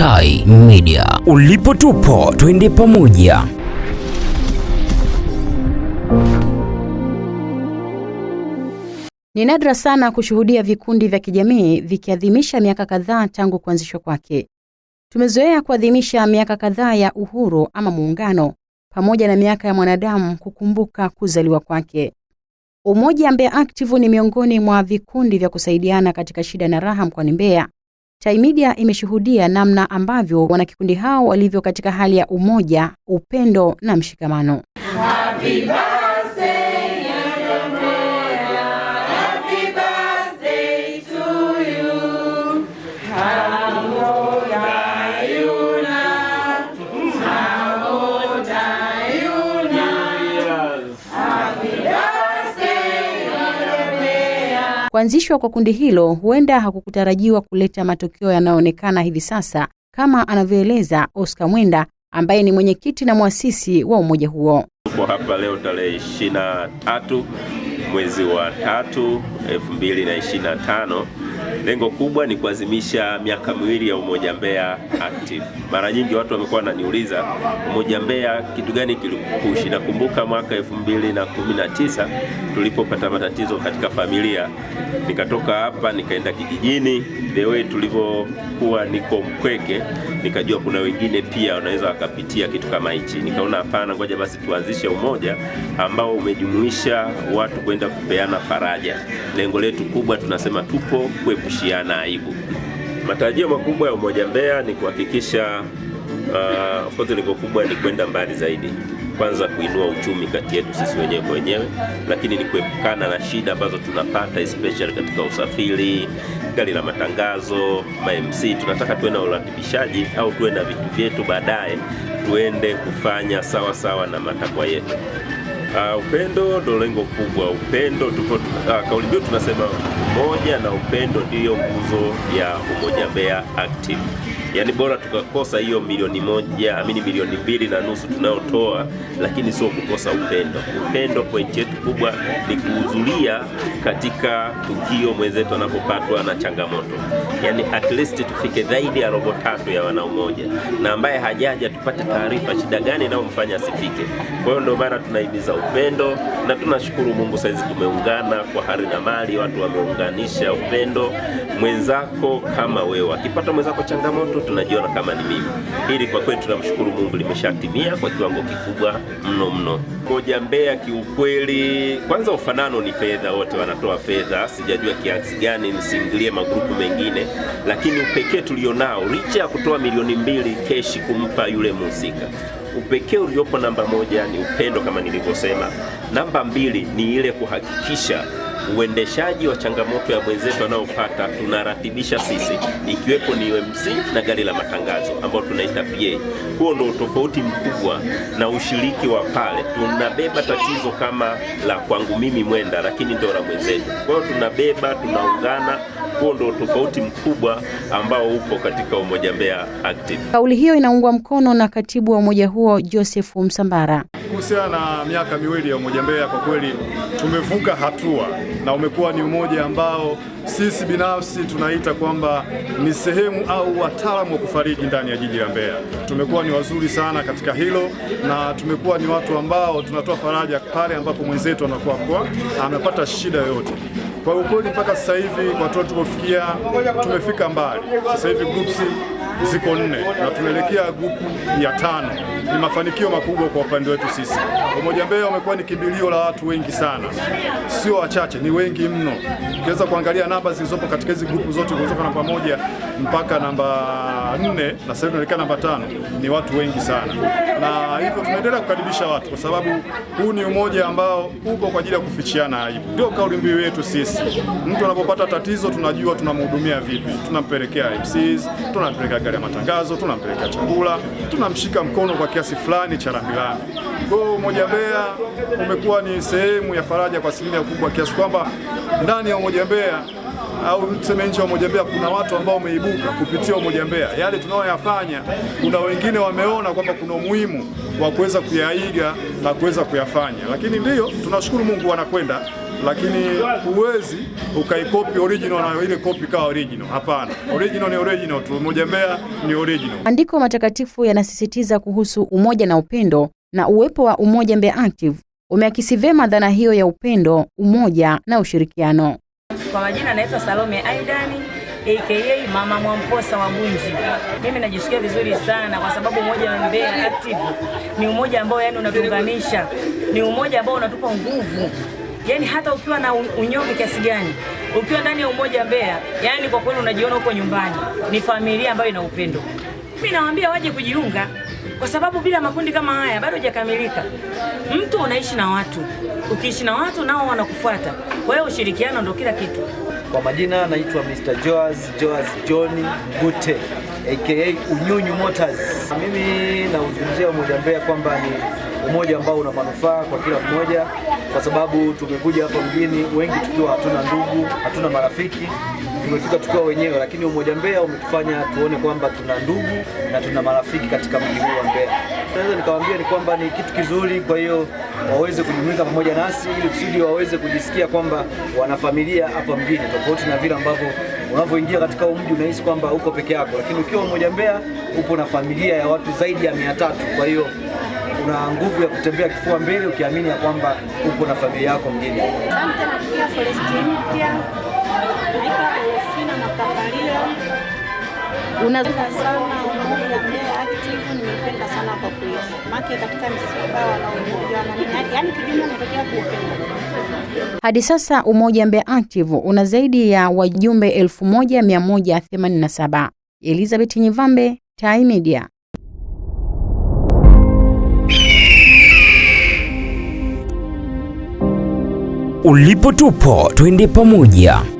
Tai Media. Ulipo tupo, twende pamoja. Ni nadra sana kushuhudia vikundi vya kijamii vikiadhimisha miaka kadhaa tangu kuanzishwa kwake. Tumezoea kuadhimisha miaka kadhaa ya uhuru ama muungano pamoja na miaka ya mwanadamu kukumbuka kuzaliwa kwake. Umoja Mbeya Active ni miongoni mwa vikundi vya kusaidiana katika shida na raha mkoani Mbeya Tai Media imeshuhudia namna ambavyo wanakikundi hao walivyo katika hali ya umoja, upendo na mshikamano. Happy kuanzishwa kwa kundi hilo huenda hakukutarajiwa kuleta matokeo yanayoonekana hivi sasa, kama anavyoeleza Oscar Mwenda ambaye ni mwenyekiti na mwasisi wa umoja huo. Tupo hapa leo tarehe tatu mwezi wa tatu tano Lengo kubwa ni kuazimisha miaka miwili ya Umoja Mbeya Active. Mara nyingi watu wamekuwa wananiuliza Umoja Mbeya kitu gani kilikupushi. Nakumbuka mwaka 2019 tulipopata matatizo katika familia, nikatoka hapa nikaenda kijijini, the way tulivyokuwa niko Mkweke, nikajua kuna wengine pia wanaweza wakapitia kitu kama hichi. Nikaona hapana, ngoja basi tuanzishe umoja ambao umejumuisha watu kwenda kupeana faraja. Lengo letu kubwa tunasema tupo kuepushiana aibu. Matarajio makubwa ya Umoja Mbeya ni kuhakikisha uh, of course kubwa ni kwenda mbali zaidi, kwanza kuinua uchumi kati yetu sisi wenyewe kwa wenyewe, lakini ni kuepukana na shida ambazo tunapata especially katika usafiri, gari la matangazo, mamc. Tunataka tuwe na uratibishaji au tuwe na vitu vyetu, baadaye tuende kufanya sawa sawa na matakwa yetu. Uh, upendo ndo lengo kubwa. Upendo tupo, uh, ah, kauli mbiu tunasema umoja na upendo ndiyo nguzo ya Umoja Mbeya Active. Yaani bora tukakosa hiyo milioni moja amini milioni mbili na nusu tunayotoa, lakini sio kukosa upendo. Upendo pointi yetu kubwa ni kuhudhuria katika tukio mwenzetu anapopatwa na changamoto, yaani at least tufike zaidi ya robo tatu ya wanaumoja, na ambaye hajaja kupata taarifa shida gani inayomfanya asifike. Kwa hiyo ndio maana tunahimiza upendo na tunashukuru Mungu, saizi tumeungana kwa hali na mali, watu wameunganisha upendo mwenzako kama wewe. Akipata mwenzako changamoto, tunajiona kama ni mimi. Hili kwa kweli tunamshukuru Mungu limeshatimia kwa kiwango kikubwa mno mno. Ngoja Mbeya kiukweli, kwanza ufanano ni fedha, wote wanatoa fedha, sijajua kiasi gani nisingilie magrupu mengine, lakini upekee tulionao licha ya kutoa milioni mbili keshi kumpa yule mhusika upekee uliopo namba moja ni upendo kama nilivyosema. Namba mbili ni ile kuhakikisha uendeshaji wa changamoto ya mwenzetu anayopata tunaratibisha sisi, ikiwepo ni MC na gari la matangazo ambao tunaita PA. Huo ndio tofauti mkubwa na ushiriki wa pale. Tunabeba tatizo kama la kwangu mimi Mwenda, lakini ndio la mwenzetu. Kwa hiyo tunabeba, tunaungana. Huo ndio tofauti mkubwa ambao upo katika Umoja Mbeya Active. Kauli hiyo inaungwa mkono na katibu wa umoja huo Joseph Msambara kuhusiana na miaka miwili ya Umoja Mbeya, kwa kweli tumevuka hatua na umekuwa ni umoja ambao sisi binafsi tunaita kwamba ni sehemu au wataalamu wa kufariji ndani ya jiji la Mbeya. Tumekuwa ni wazuri sana katika hilo, na tumekuwa ni watu ambao tunatoa faraja pale ambapo mwenzetu anakuwa kwa amepata shida yoyote. Kwa ukweli mpaka sasa hivi kwa tulipofikia, tumefika mbali. Sasa hivi groups ziko nne na tunaelekea grupu ya tano. Ni mafanikio makubwa kwa upande wetu sisi. Umoja Mbeya umekuwa ni kimbilio la watu wengi sana, sio wachache, ni wengi mno ukiweza kuangalia namba zilizopo katika hizi grupu zote kutoka namba moja mpaka namba nne na sasa tunaelekea namba tano, ni watu wengi sana, na hivyo tunaendelea kukaribisha watu, kwa sababu huu ni umoja ambao upo kwa ajili ya kufichiana aibu. Ndio kauli mbiu yetu sisi. Mtu anapopata tatizo, tunajua tunamhudumia vipi, tunampelekea MCs, tunampelekea gari ya matangazo, tunampelekea chakula, tunamshika mkono kwa kiasi fulani cha rambirambi. Kwa hiyo umoja Mbeya umekuwa ni sehemu ya faraja kwa asilimia kubwa, kiasi kwamba ndani ya umoja Umoja Mbeya au tuseme nje ya Umoja Mbeya, kuna watu ambao wameibuka kupitia Umoja Mbeya. Yale tunayoyafanya, kuna wengine wameona kwamba kuna umuhimu wa kuweza kuyaiga na kuweza kuyafanya, lakini ndiyo tunashukuru Mungu wanakwenda lakini huwezi ukaikopi original na ile kopi kawa original. Hapana, original ni original tu. Umoja Mbeya ni original. Maandiko matakatifu yanasisitiza kuhusu umoja na upendo, na uwepo wa Umoja Mbeya Active umeakisi vema dhana hiyo ya upendo, umoja na ushirikiano. Kwa majina naitwa Salome Aidani aka Mama Mwamposa wa Bunji. Mimi najisikia vizuri sana kwa sababu umoja wa Mbeya Active ni umoja ambao yani unatuunganisha, ni umoja ambao unatupa nguvu yani hata ukiwa na unyonge kiasi gani, ukiwa ndani ya umoja Mbeya, yani kwa kweli unajiona uko nyumbani. Ni familia ambayo ina upendo. Mimi nawaambia waje kujiunga, kwa sababu bila makundi kama haya bado hajakamilika. Mtu unaishi na watu, ukiishi na watu nao wanakufuata kwa hiyo ushirikiano ndo kila kitu. Kwa majina naitwa Mr. Joas Joas John Gute aka Unyunyu Motors. Mimi nauzungumzia Umoja Mbeya kwamba ni umoja ambao una manufaa kwa kila mmoja, kwa sababu tumekuja hapa mjini wengi tukiwa hatuna ndugu, hatuna marafiki, tumefika tukiwa wenyewe, lakini Umoja Mbeya umetufanya tuone kwamba tuna ndugu na tuna marafiki katika mji huu wa Mbeya. Naweza nikawaambia ni kwamba ni kitu kizuri, kwa hiyo waweze kujumuika pamoja nasi ili kusudi waweze kujisikia kwamba wana familia hapa mjini, tofauti na vile ambavyo unavyoingia katika mji unahisi kwamba uko peke yako, lakini ukiwa Umoja Mbeya upo na familia ya watu zaidi ya mia tatu. Kwa hiyo una nguvu ya kutembea kifua mbele ukiamini ya kwamba upo na familia yako mjini. Unazunguka sana Umoja Mbeya active, nimependa sana kwa kuishi maki katika msiba wanaumua Yaani kijumla kuupenda. Hadi sasa Umoja Mbeya Active una zaidi ya wajumbe 1187. Elizabeth Nyivambe, Tai Media. Ulipo tupo, twende pamoja.